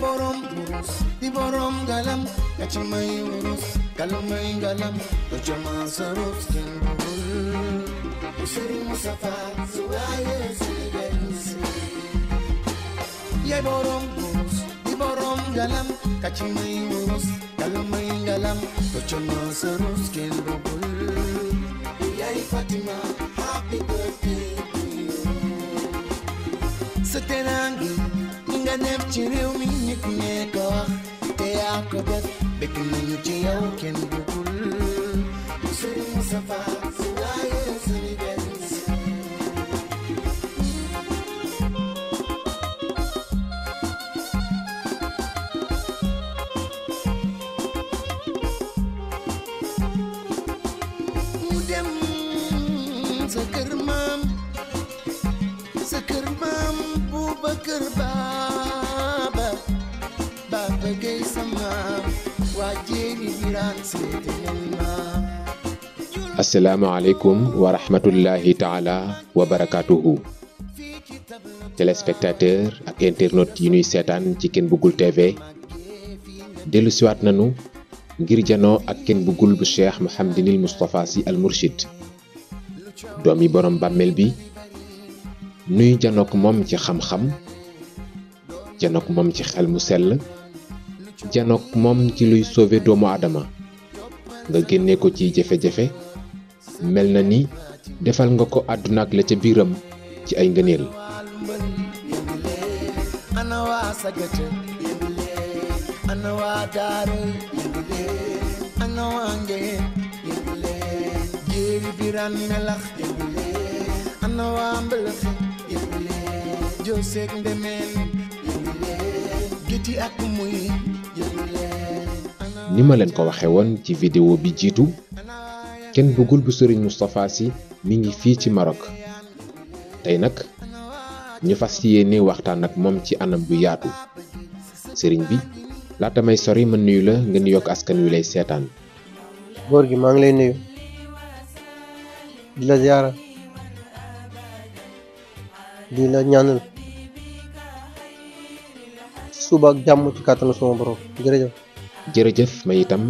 borom boros di borom galam kachi mai boros galam mai galam to chama saros kin bol usiri musafa suaye sibensi ye borom boros di borom galam kachi mai boros galam mai galam to chama saros kin bol Yai Fatima, happy birthday to you. Satanangi nga def ci réew mi nit ñee ko wax te yaa ko def bëgg nañu ci yow kenn bëggul Serigne Moustapha asalaamaaleykum wa rahmatullahi taala wa barakaatuhu téléspectateur ak internautes yi ñuy seetaan ci Ken Bougoul TV dellu siwaat nanu ngir janoo ak Ken Bougoul bu Cheikh Mouhamadinil Moustapha Sy al murshid domi borom boroom bàmmeel bi nuy janook moom ci xam-xam janook moom ci xel mu sell janok mom ci luy sauver doomu adama nga genné ko ci mel nani ni defal nga ko aduna ak la ci biram ci ay yebule, biti ni ma leen ko waxe woon ci vidéo bi jiitu kenn bëggul bu Serigne Moustapha Sy mi ngi fii ci Maroc tey nag ñu fas yéene waxtaan ak moom ci anam bu yaatu sëriñ bi laata may sori ma nuyu la ngeen yokk askan wi lay seetaan. góor gi maa ngi lay nuyu. di la ziara. suba ak jàmm ci katanu sama borom jërëjëf jërëjëf may itam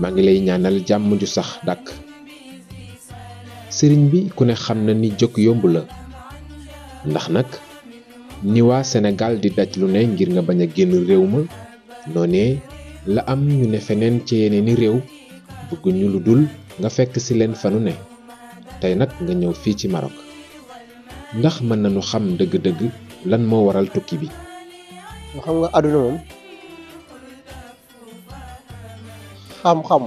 ma ngi lay ñaanal jamm ju sax dàkk sëriñ bi ku ne xam na ni jóg yomb la ndax nag ni waa sénégal di daj lu ne ngir nga bañ a génn réew ma noonee la am ñu ne feneen ci yeneeni réew bëgg ñu lu dul nga fekk si leen fanu ne tey nag nga ñëw fii ci Maroc ndax mën nañu xam dëgg-dëgg lan moo waral tukki bi xam nga àdduna moom xam-xam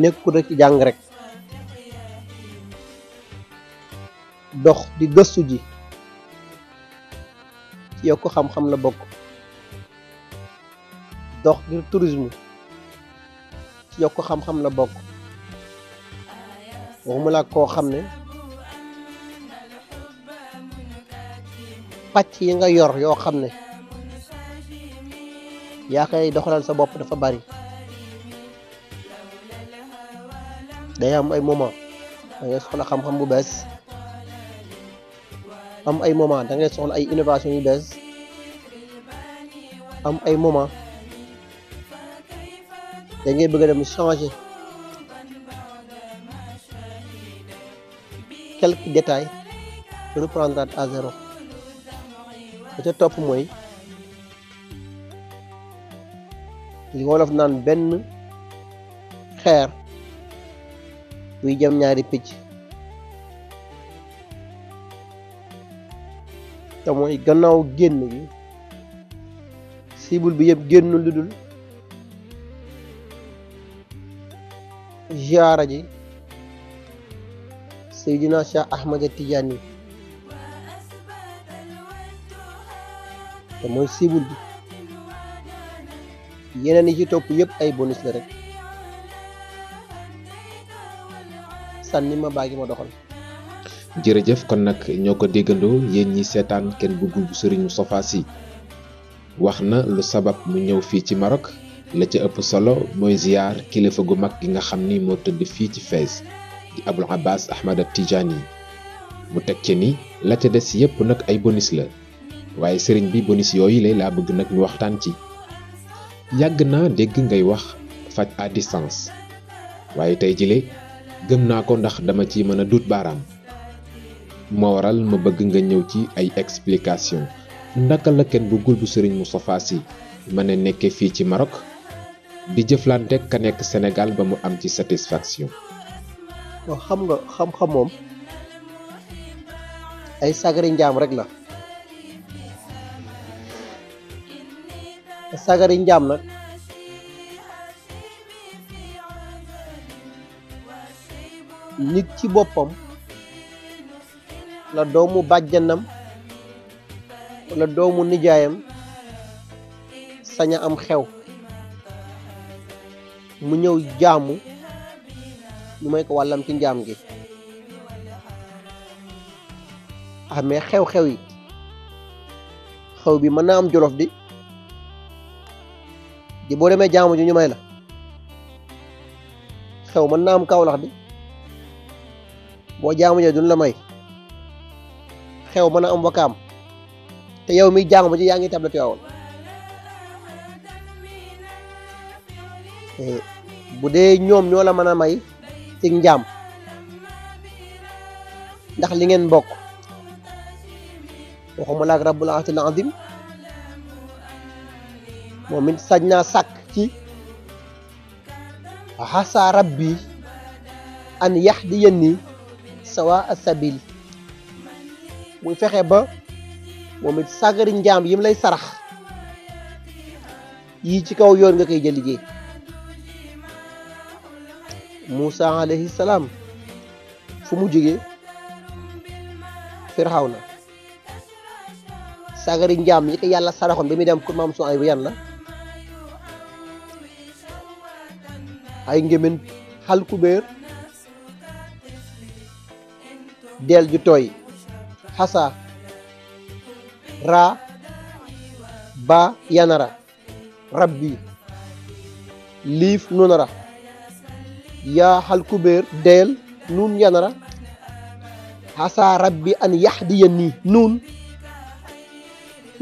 nekku da ci jàng rek dox di gëstu ji ci yokk xam-xam la bokk dox ngir tourisme ci yokk xam-xam la bokk waxuma laa koo xam ne pàcc yi nga yor yoo xam ne yaa koy doxalal sa bopp dafa bari day am ay moment da ngay soxla xam bu bees am ay moment da ngay soxla ay innovation yu bees am ay moment da ngay bëgg a dem changer quelques détails reprendre à a ca topp mooy li wolof naan benn xeer buy jam ñaari picc te gannaaw génn gi cible bi yëpp génn lu dul ziyaara ji Seydina Cheikh Ahmada Tidiane te moy sibul bi yeneen yi ci top yep ay bonus la rek sanni ma baagi ma doxal jërëjëf kon nak ñoko ko yeen yéen ñi seetaan kenn bëggul bu sëriñ Moustapha Sy wax lu sabab mu ñew fi ci Maroc la ci ëpp solo moy ziar kilifa gu mag gi nga xamni mo moo fi ci Fès di Abul Abbas Ahmad Tijani mu teg ci ni la ca dess yep nak ay bonus la waye serigne bi bonus yoy le la bëgg nak ñu waxtaan ci yag na degg ngay wax fajj à distance jile gëm na ko ndax dama ci mëna dut baaraam waral ma bëgg nga ñëw ci ay explication ndaka la ken bu gulbu serigne mustapha si mané nekké fi ci Maroc di jëflanté ka nekk Sénégal ba mu am ci satisfaction xam nga xam-xam mom ay sagari ndiam rek la sagarin jam, nak nit ci bopam la doomu bajjanam la doomu nijaayam saña am xew mu ñew jaamu ñu may ko walam ci njaam gi amé ah, xew-xew yi xew bi mëna am jorof di ji boo demee jaamu ji ñu may la xew mën naa am kawlax di boo jaamu ji duñ la may xew mën a am wakaam te yow mi jaamu ji yaa ngi table Tiwaawan eh, bu dee ñoom ñoo la mën a may ci njaam ndax li ngeen bokk waxuma laak rabbul aatil azim moom it sañ naa sàkk ci xasa rabbi an yahdiyanni sawa asabil muy fexe ba moom it sagari njaam yim lay sarax yi ci kaw yoon nga koy jël Moussa alayhi salaam fu mu jógee Firawna sagari njaam yi ko yàlla saraxoon ba muy dem kur maam su ay yan la ay ngémén xalkubeer deel ju tooy xasa raa ba yanara rabbi liif nunara yaa xalkubeer deel nuun yanara xasa rabbi an yaxdiya nii nuun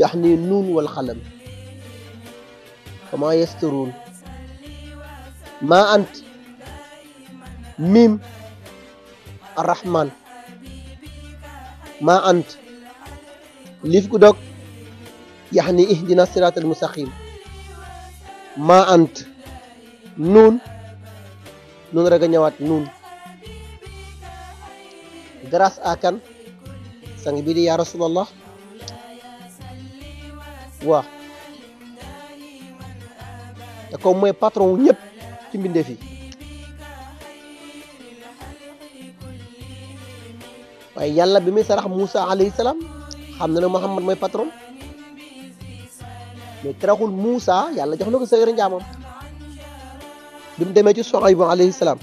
yax nii wal xalam kama yastaruun ma ant mim arrahman ma ant lif ku dok yahni ihdina siratal mustaqim ma ant nun nun rega ñewat nun grâce akan sang bi ya rasulullah wa da ko moy patron ci mbindeef yi waaye yàlla bi muy sarax Moussa alayhi salaam xam na ne Muhammad mooy patron mais teraxul Moussa yàlla jox na ko sawir njaamam bi mu demee ci Suhaybu alayhi salaam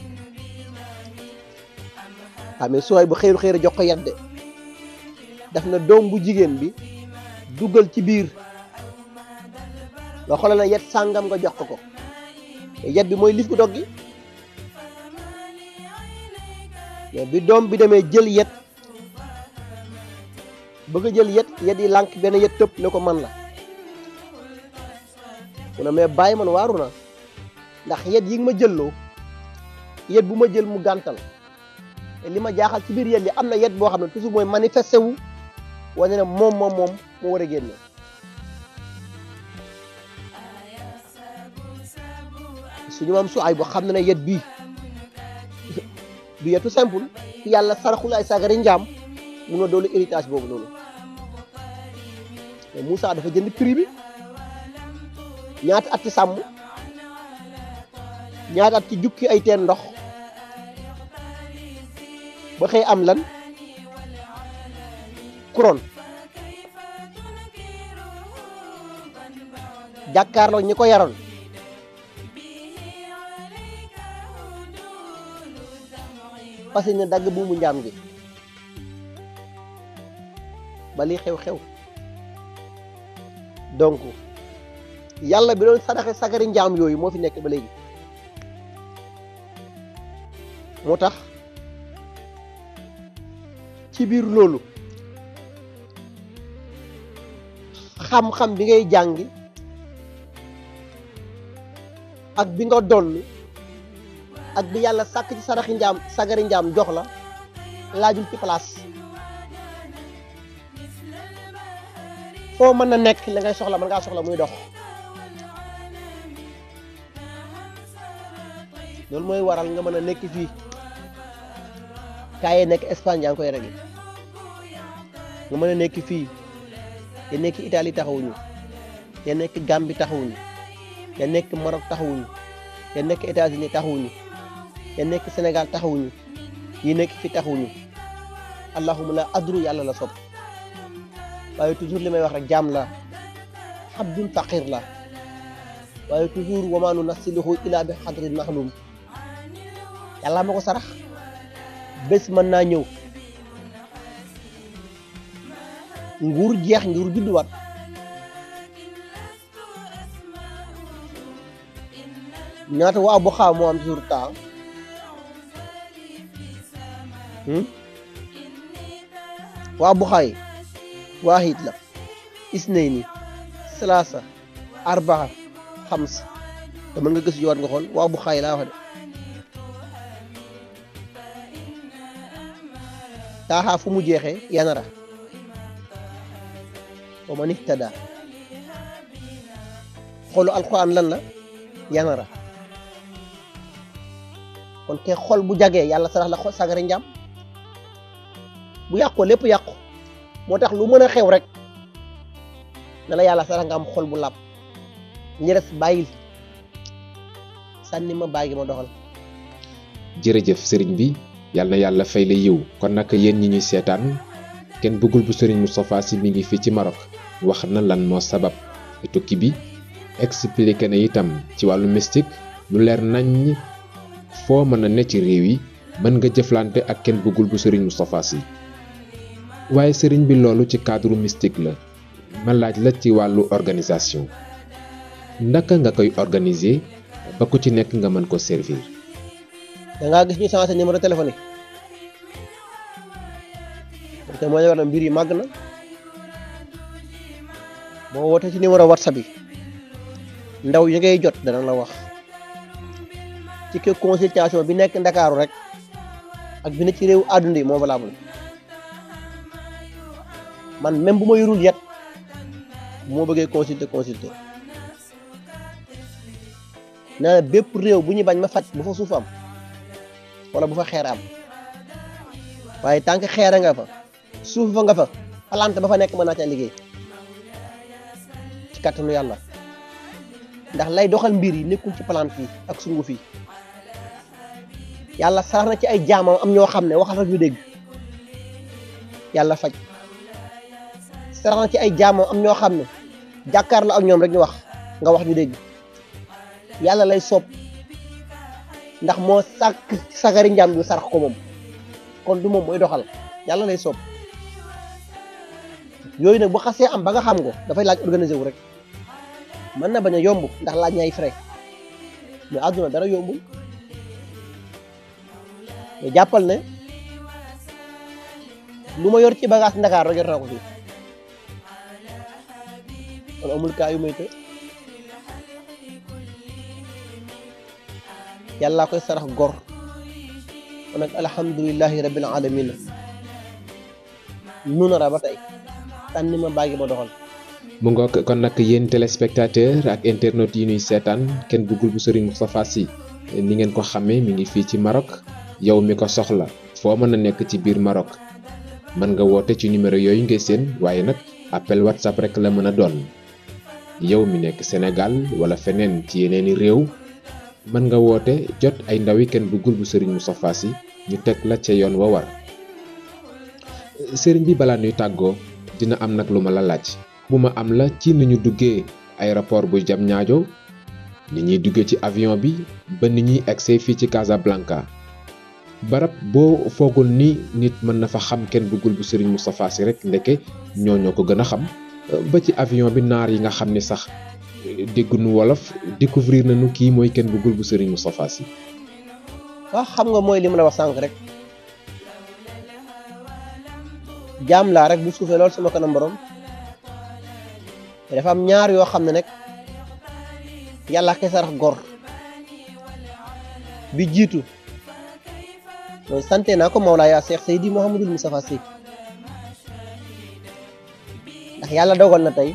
waaw mais Suhaybu xëyru xëyru jox ko yadde daf na doom bu jigéen bi dugal ci biir nga xoolal na yet sàngam nga jox ko ko yet bi mooy lif gu dog gi bi doom bi demee jël yet bëgg a jël yet yet yi lànk benn yet tëb ne ko man la mu ne mais bàyyi man waaru na ndax yet yi nga ma jëlloo yet bu ma jël mu gàntal li ma jaaxal ci biir yet yi am na yet boo xam ne toujours mooy manifesté wu wane ne moom moom moom war a génne suñu maam su ay boo xam na ne yet bii du yetu simple yàlla saraxul ay sagari njaam mun a doolu héritage boobu noonu mais Moussa dafa jënd prix ñaat ñaata at ci sàmm ci jukki ay teen ndox ba xëy am lan couronne jàkkaarloo ñi ko yaroon fas yéene dagg buumu njaam gi ba xew-xew donc yàlla bi doon sadaxe sagari njaam yooyu moo fi nekk ba léegi moo tax ci biir loolu xam-xam bi ngay jàngi ak bi nga donn ak bi yàlla sàkk ci saraxi njaam sagari njaam jox la laajul ci place foo mën na nekk la ngay soxla mën ngaa soxla muy dox loolu mooy waral nga mën a nekk fii kaayee nekk Espagne yaa ngi koy rege nga mën a nekk fii ya nekk Italie taxawuñu ya nekk Gambie taxawuñu ya nekk Maroc taxawuñu ya nekk États-Unis taxawuñu ya nekk Sénégal taxawuñu yi nekk fi taxawuñu allahuma la adru yàlla la sob waaye toujours li may wax rek jaam la abdun faqir la waaye toujours wamaanu nasiluhu ila bi xadrin maxlum yàlla ma ko sarax bés mën naa ñëw nguur jeex nguur judduwaat ñaata waa bu xaaw moo am toujours temps Hmm? Wabuhay. Wahid lang. Isnaini. Salasa. Arba. Hams. Daman nga gusto yuwan ko kon. Wabuhay lang. Wabuhay ta ha fu mu jexé yanara o man ittada xol alquran lan la yanara kon ke xol bu jagge yalla sarax la bu yàqoo lépp yàqu moo tax lu mën a xew rek na la yàlla sarax nga am xol bu lab ñi res bàyyil sànni ma bàyyi ma doxal jërëjëf sëriñ bi yàlla yàlla fay la yiw kon nak yéen ñi ñuy seetaan kenn bëggul bu sëriñ Moustapha Sy mi ngi fii ci Maroc wax na lan moo sabab tukki bi expliqué na itam ci wàllu mystique lu leer nañ foo mën ne ci réew yi nga jëflante ak kenn bëggul bu sëriñ Moustapha waaye sëriñ bi loolu ci cadre mystique la ma laaj la ci wàllu organisation ndaka nga koy organiser ba ku ci nekk nga mën ko servir. da ngaa gis ñu changé numéro téléphone yi. te moo war na mbir yi màgg na boo wootee ci numéro whatsapp yi ndaw yi ngay jot dana la wax ci ke consultation bi nekk ndakaaru rek ak bi ne ci réew àdduna yi moo valable man même bu ma yorul yet moo bëggee consulter consulter na bépp réew bu ñu bañ ma faj bu fa suuf am wala bu fa xeer am waaye tant que xeere nga fa suuf fa nga fa plante ba fa nekk mën naa caa liggéey ci kattanu yàlla ndax lay doxal mbir yi nekkul ci palante fii ak sungu fii yàlla sarax na ci ay jaamam am ñoo xam ne waxal rek ñu dégg yàlla faj teral ci ay jamo am ño xam jakar la ak ñom rek ñu wax nga wax ñu deg yalla lay sop ndax mo sak sagari njaam du sarax ko mom kon du mom moy doxal yalla lay sop yoy nak bu xasse am ba nga xam ko dafay laaj organiser wu rek man na baña yomb ndax laaj ñay frais mais aduna dara yomb mais jappal ne lu yor ci bagage ndakar rek rek ko amul kaayu mayte yàlla koy sarax gor kon nag alhamdulilahi rabbil alamin nu nara ba tey bagi ma bàggi ma doxal mu ngoog kon nag yéen téléspectateur ak internet yi ñuy seetaan kenn bëggul bu Serigne Moustapha Sy ni ngeen ko xamee mi ngi fii ci Maroc yow mi ko soxla foo mën a nekk ci biir Maroc mën nga woote ci numéro yooyu ngay seen waaye nag appel WhatsApp rek la mën a yow mi nekk Sénégal wala feneen ci yeneeni réew mën nga woote jot ay ndawi kenn duggul bu sëriñ Moustapha Sy ñu teg la ca yoon wa war sëriñ bi balaa nuy tàggoo dina am nag lu ma la laaj bu ma am la ci ni ñu duggee ay aéroport bu jam ñaajo ni ñuy duggee ci avion bi ba ni ñuy egsee fii ci Casablanca barab boo foogul ni nit mën na fa xam kenn duggul bu sëriñ Moustapha Sy rek ndeke ñoo ñoo ko gën a xam ba ci avion bi naar yi nga xam ni sax dégg nu wolof découvrir nañu kii mooy kenn bëggul bu Serigne Moustapha Sy. xam nga mooy li ma la wax sànq rek jaam laa rek bu suufee lool sama kanam borom te dafa am ñaar yoo xam ne nag yàlla kese rax gor bi jiitu mooy sante naa ko laa Mawlaaya Cheikh Seydi Mouhamadul Moustapha Sy. yàlla dogal na tey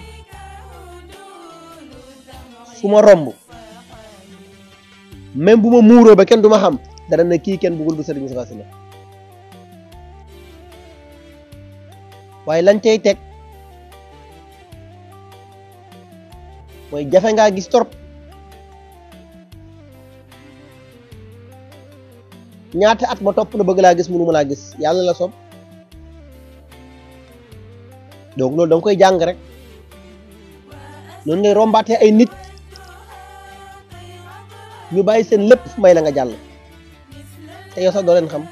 su ma romb même bu ma muuroo ba kenn du ma xam dara na kii kenn bëggul du Serigne Moustapha Sylla waaye lañ tey teg mooy jafe ngaa gis torop ñaata at ma topp na bëgg laa gis mënu ma laa gis yàlla la sopp donc loolu danga koy jàng rek noonu ngay rombaatee ay nit ñu bàyyi seen lépp may la nga jàll te yow sax doo leen xam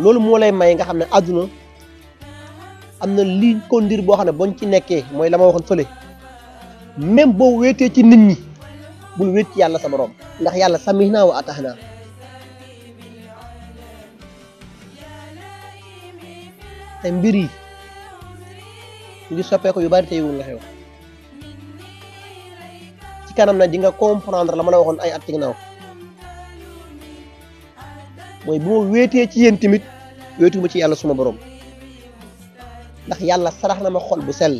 loolu moo lay may nga xam ne àdduna am na liñ kondir boo xam ne boñ ci nekkee mooy la ma waxoon fële même boo wéetee ci nit ñi bul wéet ci yàlla sa borom ndax yàlla samih naa wa ataax te mbir yi ngi soppeeku yu bari te yiwul nga xew ci kanam na di comprendre la ma la waxoon ay at ci ginnaaw mooy bu ma wéetee ci yéen tamit wéetu ma ci yàlla suma borom ndax yàlla sarax na ma xol bu sell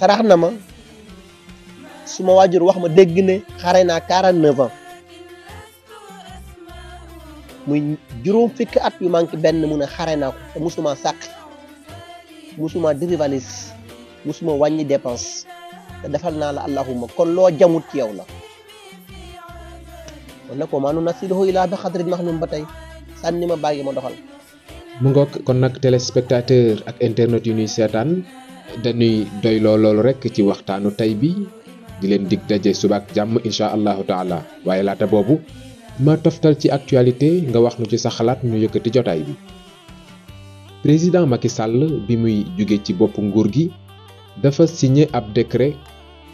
sarax na ma suma waajur wax ma dégg ne xare naa quarante-neuf muy juróom fukki at yu manqué benn mu ne xare naa ko musuma sàq musuma dirivalis musuma wàññi dépense te defal naa la allahuma kon loo jamut ci yow la kon nag wa maa nunazziluhu illaa bi qadarin ma'luum ba tey sànni ma bàyyi ma doxal. mu ngoog kon nag téléspectateur ak internet yu ñuy seetaan dañuy doy loo loolu rek ci waxtaanu tey bi di leen dig daje suba ak jàmm incha allahu taala waaye laata boobu. ma toftal ci actualité nga wax nu ci sa xalaat ñu yëkëti jotaay bi président Macky Sall bi muy juggé ci bop nguur gi dafa signé ab décret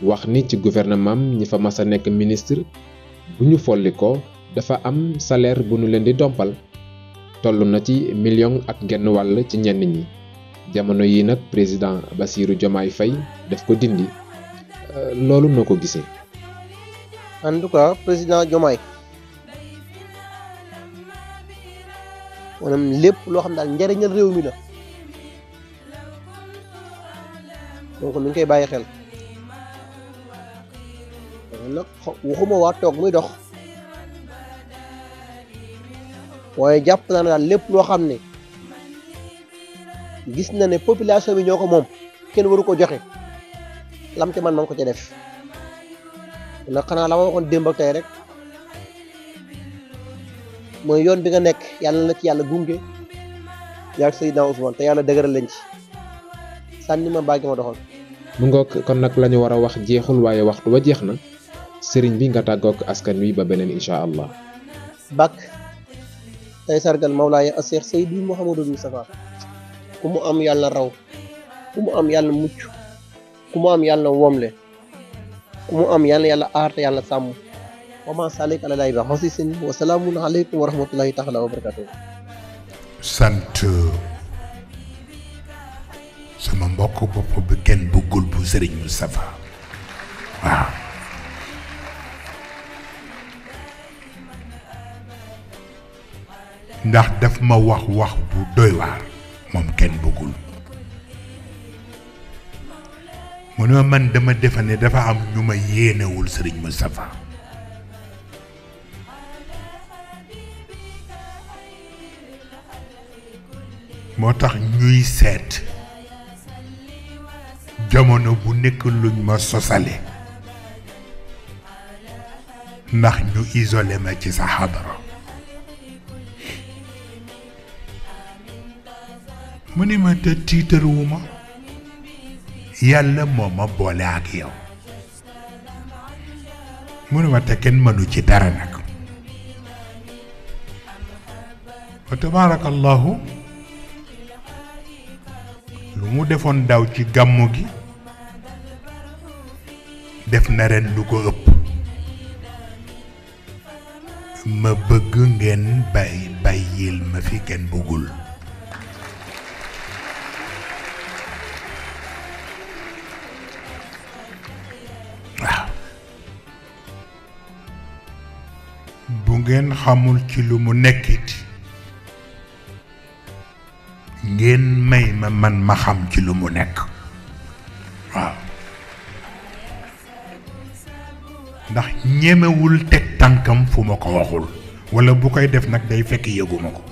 wax ni ci gouvernement ñi fa massa nek ministre bu folli ko dafa am salaire bu ñu leen di dompal tollu na ci million ak genn wal ci ñenn ñi jamono yi nak président Bassirou Diomaye Faye daf ko dindi euh, loolu noo ko en tout cas président Diomaye maanaam lépp loo xam daal njariñal réew mi la donc nuñ koy bàyyi xel nag waxuma waa toog muy dox waaye jàpp naa ne daal lépp loo xam ne gis na ne population bi ñoo ko moom kenn waru ko joxe lam te man man ko ca def nag xanaa la ma waxoon démb rek mooy yoon bi nga nekk yàlla na ci yàlla gunge yaa ngi Seydina Ousmane te yàlla dëgëral leen ci sànni ma baagi ma doxal. mu ngoog kon nag la ñu war a wax jeexul waaye waxtu wa jeex na sëriñ bi nga tàggoog askan wi ba beneen incha allah. bak tey sargal Mawlaaya Aseex Seydi Mouhamadou Moustapha ku mu am yàlla raw ku mu am yàlla mucc ku mu am yàlla womle ku mu am yàlla yàlla aar te yàlla sàmm. wa ma salik alalay ba xosisin wa salaamun aleykum wa rahmatullahi taala wa barakatu sant sama mbokk bopp bi kenn bëggul bu sëriñ Moustapha ndax daf ma wax wax bu doy waar moom kenn bëggul mu ne man dama defa ne dafa am ñu ma yéenewul sëriñ Moustapha motax ñuy sét jamono bu nekk luñ ma sosale ndax ñu isolé ma ci sa mune ma te titeruma yàlla moma bolé ak yow mune ma te ken manu ci dara nak وتبارك الله mu defoon daw ci gàmmu gi def na ren lu ko ëpp ma bëgg ngeen bàyyil ma fi kenn bëggul bu ngeen xamul ci lu mu nekkit ngeen may ma man ma xam ci lu mu nekk waaw ndax ñemewul teg tànkam fu ma ko waxul walla bu koy def nag day fekk yëguma ko